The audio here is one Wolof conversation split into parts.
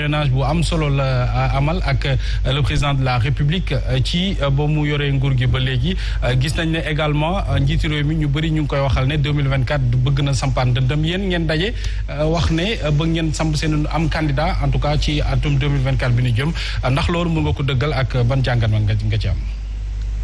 parrainage bu am solo la amal ak euh, le président de la république euh, ci euh, ba mu yoree nguur gi ba léegi gis nañ ne également njiitu réew mi ñu bëri ñu ngi koy waxal ne 2024 bëgg na sampaan dëndëm yéen ngeen daje wax ne bëgg ngeen samp seen am candidat en tout cas ci atum 2024 bi ñu jëm ndax loolu mën nga ko dëggal ak ban jàngat man nga ci am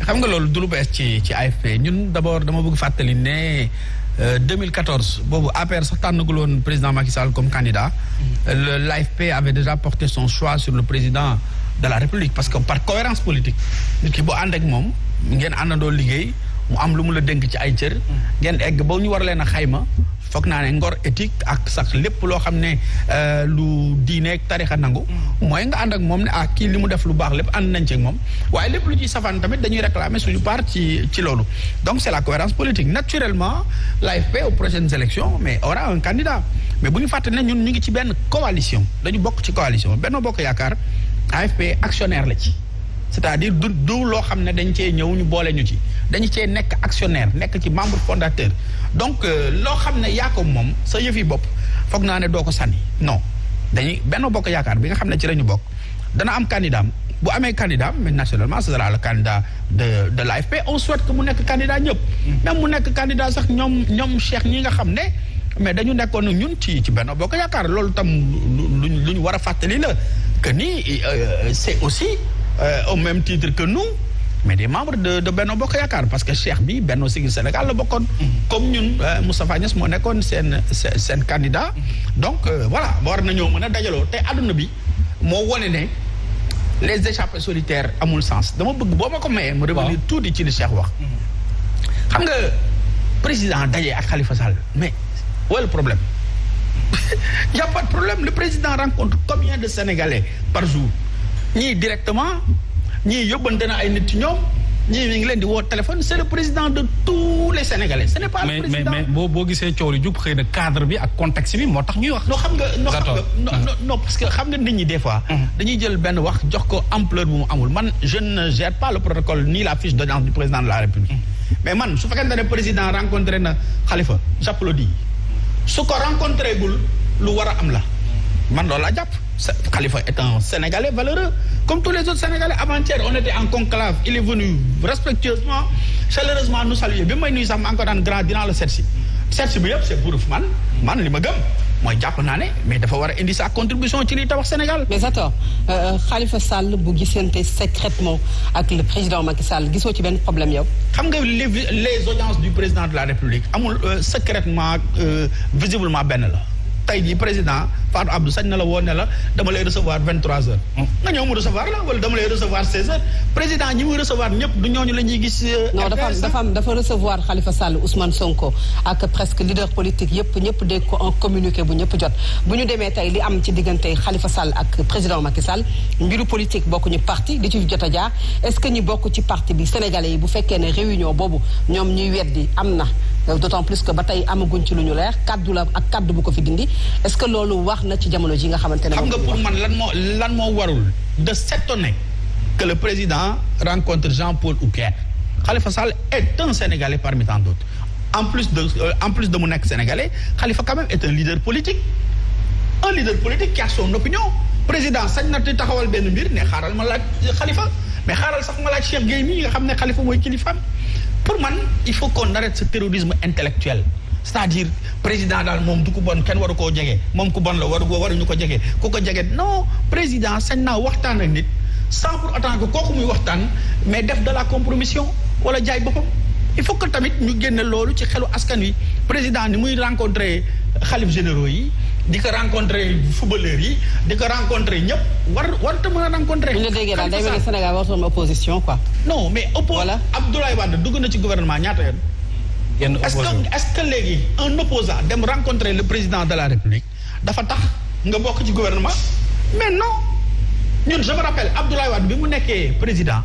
xam nga loolu du lu bees ci ci AFP ñun d' dama bëgg fàttali ne 2014 euh, boobu APR sax tànnagul loon président Macky Sall comme candidat. Mm-hmm. Euh, l' AFP avait déjà porté son choix sur le président de la République parce que par cohérence politique nit ki boo ànd ak moom ngeen àndandoo liggéey mu am lu mu la dénk ci ay cër. Mm-hmm. ngeen egg ba ñu war leen a xayma. foog naa ne ngor éthique ak sax lépp loo xam ne euh, lu diine tarixa nangu mm. mooy nga ànd ak moom ne ah kii li mu def lu baax lépp ànd nañ ci moom waaye lépp lu ciy safaan tamit dañuy réclamer suñu part ci ci loolu donc c'est la cohérence politique naturellement l'AFP aux prochaines élections mais aura un candidat mais bu ñu fàtte ne ñun ñu ngi ci benn coalition dañu bokk ci coalition Benno Bokk Yaakaar AFP actionnaire la ci c'est-à-dire du du loo xam ne dañ cee ñëw ñu boole ñu ci dañu cee nekk actionnaire nekk ci membre fondateur donc euh, loo xam ne yaa ko moom sa yëfi bopp foog naa ne doo ko sànni non dañuy benn bokk yaakaar bi nga xam ne ci la ñu bokk dana am candidat bu amee candidat mais nationalement ce sera le candidat de de l'AFP on mu nekk candidat ñëpp mm-hmm. même mu nekk candidat sax ñoom ñoom Cheikh ñi nga xam ne mais dañu nekkoon ñun ci ci benn bokk yaakaar loolu tam luñ lu ñu war a fàttali la que ni euh, euh, c'est aussi au même titre que nous mais des membres de de Benno Bokk Yaakaar parce que Cheikh bi Benno Siggil Sénégal la bokkoon. comme ñun euh, Moustapha Niass moo nekkoon seen seen seen candidat. donc euh, voilà war nañoo mën a dajaloo te àdduna bi moo wone ne les échappées solitaires amul sens dama bëgg boo ma ko mayee. mu revenir tuuti ci li Cheikh wax. Mm-hmm. xam nga président daje ak Khalifa Sall mais où problème. y' a pas de problème le président rencontre combien de Sénégalais par jour ñii directement ñii yóbbante na ay nit ci ñoom ñii mi ngi leen di woo téléphone c' le président de tous les sénégalais mais mais boo boo gisee coow li xëy na cadre bi ak contexte bi moo tax ñuy wax. noo xam nga noo xam nga non parce que xam nga nit ñi des fois. Mm-hmm. dañuy jël benn wax jox ko empleur bu mu amul man jeune ne gère pas le protocole ni la fiche d' audience du président de la république. Mm-hmm. mais man su fekkente ne président rencontré na Khalifa j' applaudis su ko rencontré gul lu war a am la man loolu laa jàpp Khalifa est un sénégalais valeureux. Comme tous les autres Sénégalais, avant-hier, on était en conclave. Il est venu respectueusement, chaleureusement nous saluer. bi may nuyu sax ma encore daan grand dinaa la seet si seet si bi yëpp c'est Buuruf man man li ma gëm mooy jàpp naa ne mais dafa war a indi sa contribution ci liy tabax Sénégal. mais attends euh, euh, Khalifa Sall bu gisante secrètement ak le président Macky Sall gisoo ci benn problème yow. xam nga les les audiences du président de la République amul euh, secrètement visiblement benn la. tey jii président Fatou Abdou sañ na la woo ne la dama lay recevoir vingt trois heures hmm. nga ñëw mu recevoir la wala dama lay recevoir seize heures président ñi muy recevoir ñëpp du ñooñu la ñuy gis euh, non dafa am dafa am dafa recevoir Khalifa Sall Ousmane Sonko ak presque leader politique yëpp ñëpp dégg ko en communiqué bu ñëpp jot bu ñu demee tey li am ci diggante Khalifa Sall ak président Macky Sall mbiru politique bokk ñu parti di ci jot a jaar est-ce que ñi bokk ci parti bi sénégalais yi bu fekkee ne réunion boobu ñoom ñuy weddi am na Euh, d'autant plus que ba tey amaguñ ci lu ñu leer kaddu la ak kaddu bu ko fi dindi est-ce que loolu wax na ci jamono ji nga xamante ne xam nga pour man lan moo lan moo warul de s'étonner que le président rencontre Jean-Paul Houcquet Khalifa Sall est un Sénégalais par tant d'autres en plus de euh, en plus de mu nekk Sénégalais Khalifa quand même est un leader politique un leader politique qui a son opinion président sañ na taxawal benn mbir ne xaaral ma laaj Khalifa xaaral sax ma laaj Cheikh Gueye mi nga xam ne Khalifa mooy kilifaam pour man il faut qu'on arrête sa terrorisme intellectuel c'est-à-dire président daal moom du ko bon kenn waru koo jege moom ku bon la waru waruñu ko jege ku ko jege non président sañ naa waxtaan ak nit sans pour autant que kooku muy waxtaan mais def de la compromission wala jaay boppam il faut que tamit ñu génne loolu ci xelu askan wi président ni muy rencontrer xalif généraux yi di ko rencontré footballeur yi di ko rencontré ñëpp war warut a mën a rencontré. bu ñu la déggee daal Sénégal warut opposition quoi. non mais oppo voilà Abdoulaye Wade dugg na ci gouvernement ñaata yoon. yenn est ce que est ce que léegi un opposant dem rencontrer le président de la république dafa tax nga bokk ci gouvernement mais non ñun je me rappelle Abdoulaye Wade bi mu nekkee président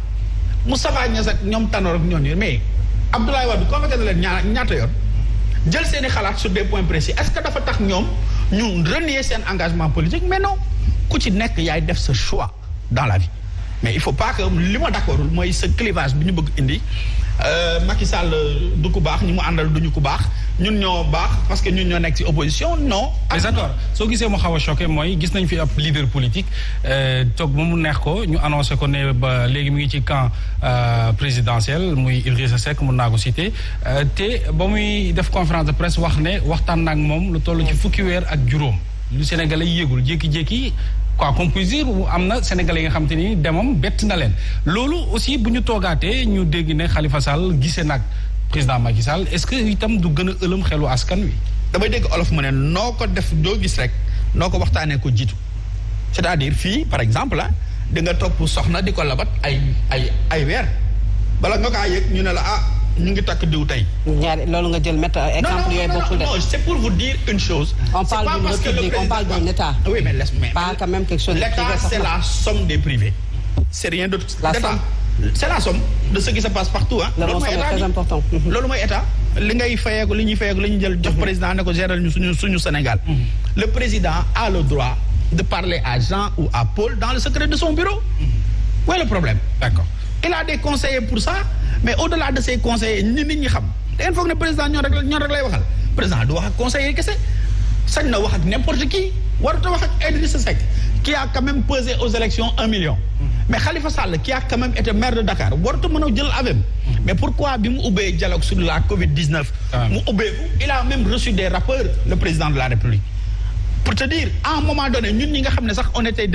Moustapha Niasse ak ñoom Tanor ak ñooñu mais Abdoulaye Wade convoqué na leen ñaata yoon jël seen i xalaat sur des points précis est ce que dafa tax ñoom. ñu renier seen engagement politique mais non ku ci nekk yaay def sa choix dans la vie mais il faut pas que li ma d'accordul mooy sa clivage bi ñu bëgg indi euh, Macky Sall euh, du ku baax ñi mu àndal duñu ku baax ñun ñoo baax parce que ñun ñoo nekk ci opposition non. mais d'accord soo gisee mu xaw a choqué mooy gis nañ fi ab leader politique euh, toog ba mu neex ko ñu annoncé ko ne ba léegi mu ngi ci camp présidentiel muy Idrissa Seck mun naa ko cité te ba muy def conférence de presse wax ne waxtaan na ak moom lu toll ci fukki weer ak juróom lu Sénégalais yéegul jékki-jékki. quoi qu'on puisse dire am na sénégal yi nga xam te ni demam bett na leen loolu aussi bu ñu toogaatee ñu dégg ne xalifa Sall gisee nag président Macky Sall est-ce que itam du gën a ëlëm xelu askan wi. damay dégg olof mu ne noo ko def doo gis rek noo ko waxtaanee ko jiitu c'est-à-dire fii par exemple ah di nga topp soxna di ko labat ay ay ay weer bala nga kaa yëg ñu ne la ah. ñu ngi takk diw tey. loolu nga jël mettre exemple yooyu pour vous dire une chose. on parle d'une république ah l'état c'est la somme des privés. c'est rien d'autre. c'est la somme de ce qui se passe partout ah. loolu mooy état li ngay fayeeku li ñuy fayeeku li ñuy jël jox mhm. président ne ko géral ñu suñu suñu Sénégal. Mhm. le président a le droit de parler à Jean ou à Paul dans le secret de son bureau. ou est le problème il a des conseillers pour ça. mais au delà de ces conseillers ñi nit ñi xam da ngeen foog ne président ñoo rek lay waxal président du wax ak conseillers kese sañ na wax ak n'importe qui warut a wax ak Idrissa Seck qui a quand même pesé aux élections un million mais Khalifa Sall qui a quand même maire de Dakar warut a mën a jël avem mais pourquoi bi mu ubbee dialogue sur la Covid-19 ah. mu ubbeeku il a même reçu des rappeurs le président de la République pour te dire à un moment donné ñi nga xam ne sax on était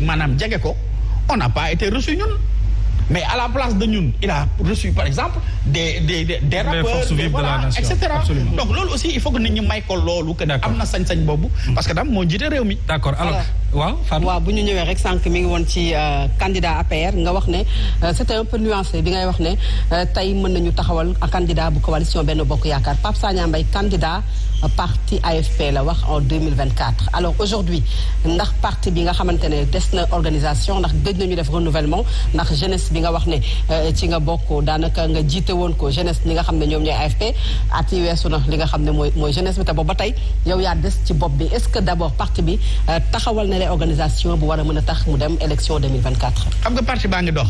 maanaam jege ko on n'a mais à la place de ñun il a reçu par exemple des des des, donc loolu aussi il faut que nit ñi may ko loolu que am na sañ-sañ boobu parce que daam moo jiite réew mi d'accord alors waaw Fatou waaw bu ñu ñëwee rek sànq mi ngi woon ci euh, candidat APR nga wax ne euh, c'était un peu nuancé bi ngay wax ne euh, tey mën nañu taxawal candidat bu coalition benn bokk yaakaar Pape Sagna Mbaye candidat parti AFP la wax en 2024 alors aujourd'hui ndax parti bi nga xamante ne des na organisation ndax gëj nañu def renouvellement ndax jeunesse bi nga wax ne ci nga bokk daanaka nga jiite woon ko jeunesse li nga xam ne ñoom ñooy AFP at yi weesu na li nga xam ne mooy mooy jeunesse bi te boobu ba tey yow yaa ce que d'abord parti bi taxawal na jàppale organisation bu war a mën a tax mu dem élection xam nga parti baa ngi dox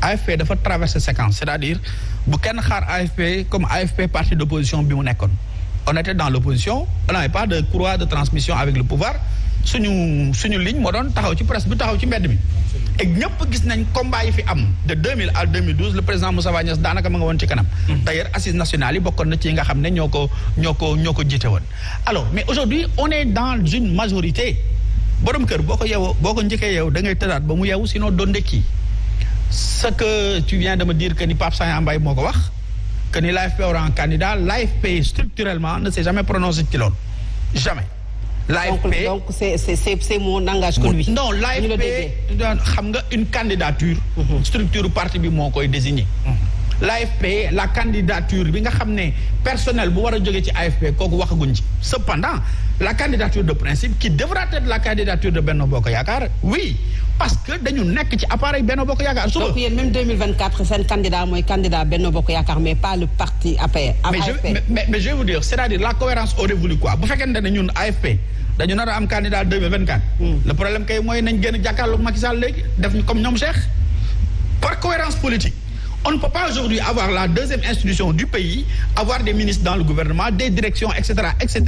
AFP dafa traversé séquence c'est-à-dire bu kenn xaar AFP comme AFP parti d'opposition bi mu nekkoon on dans l'opposition on n'avait pas de courroie de transmission avec le pouvoir suñu suñu ligne moo doon taxaw ci presse bi taxaw ci mbedd mi. et ñëpp gis nañ combat yi fi am de 2000 à président Moustapha daanaka ma nga woon ci kanam. Mm-hmm. d'ailleurs assises nationales yi bokkoon na ci borom kër boo ko yeewoo boo ko njëkkee yeew da ngay tëddaat ba mu yeewu sinon doo ndekki ce que tu viens de me dire que ni Pape Sagna Mbaye moo ko wax que ni l'AFP aura un candidat l'AFP structurellement ne s'est jamais prononcé ci loolu jamais. l'AFP donc c'est c'est c'est mon langage que lui. non l'AFP xam nga une candidature. Mhm. structure parti bi moo koy désigner. Mhm. la candidature bi nga xam ne personnel bu war a jógee ci AFP kooku waxaguñ ci cependant la candidature de principe qui devra être la candidature de Benno Bokk Yaakaar oui parce que dañu nekk ci appareil Benno Bokk Yaakaar. suba donc yéen même 2024 seen candidat mooy candidat Benno Bokk Yaakaar mais pas le parti APR. mais je mais dire c'est-à-dire la cohérence aurait voulu quoi bu fekkente ne ñun AFP. dañu nar a am candidat 2024. Hmm. le problème kay mooy nañ gën a jàkkaarloog Macky Sall on ne peut pas aujourd'hui avoir la deuxième institution du pays avoir des ministres dans le gouvernement des directions etc etc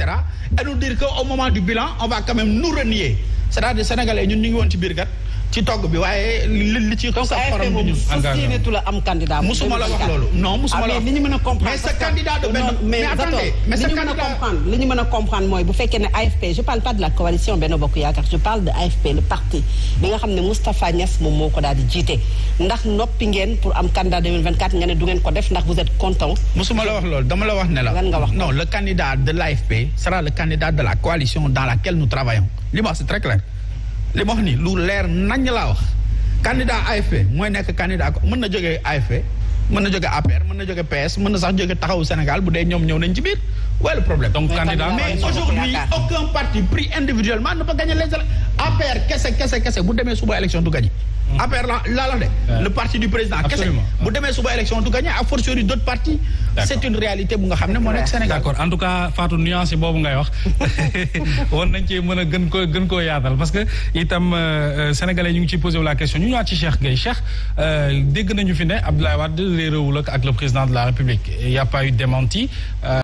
et nous dire que au moment du bilan on va quand même nous renier c'est-à-dire sénégalais ñun ñu ngi woon ci biir kat ci togg bi waaye li li ci. sax xorom bi ñu engagé la am candidat. musuma la wax loolu non musuma la ah, wax mais li ñu mën a comprendre. mais sa candidat li ñu mën a comprendre mooy bu fekkee ne AFP je parle pas de la coalition Benno Bokk Yaakaar je parle de AFP le parti bi nga xam ne Moustapha Niass moom moo ko daal di jiite ndax noppi ngeen pour am candidat 2024 ne du ngeen ko def ndax vous êtes content. musuma la wax loolu dama la wax ne la. lan nga wax non le candidat de l'AFP sera le candidat de la coalition dans laquelle nous li ma wax ni lu leer nañ laa wax candidat AFP mooy nekk candidat ko mën na jógee AFP mën na jóge APR mën na jóge PS mën na sax jóge taxawu Sénégal bu dee ñoom ñëw nañ ci biir waaye le problème. donc candidat mais aujourd'hui aucun parti pris individuellement ne peut gagner les APR kese kese kese bu demee suba élection du gagner APR la laa la de le parti du président kese bu demee suba élection du gagné à fortiori d'autres partis c'est une réalité bu nga xam ne moo nekk Sénégal d'accord en tout cas Fatou nuance boobu ngay wax war nañ ci mën a gën ko gën koo yaatal parce que itam euh, euh, sénégalais ñu ngi ciy posé la question ñu ñëwaat ci Cheikh ngay Cheikh euh, dégg nañu fi ne Abdoulaye Wade réeréwul ak le président de la République il y a pas eu démenti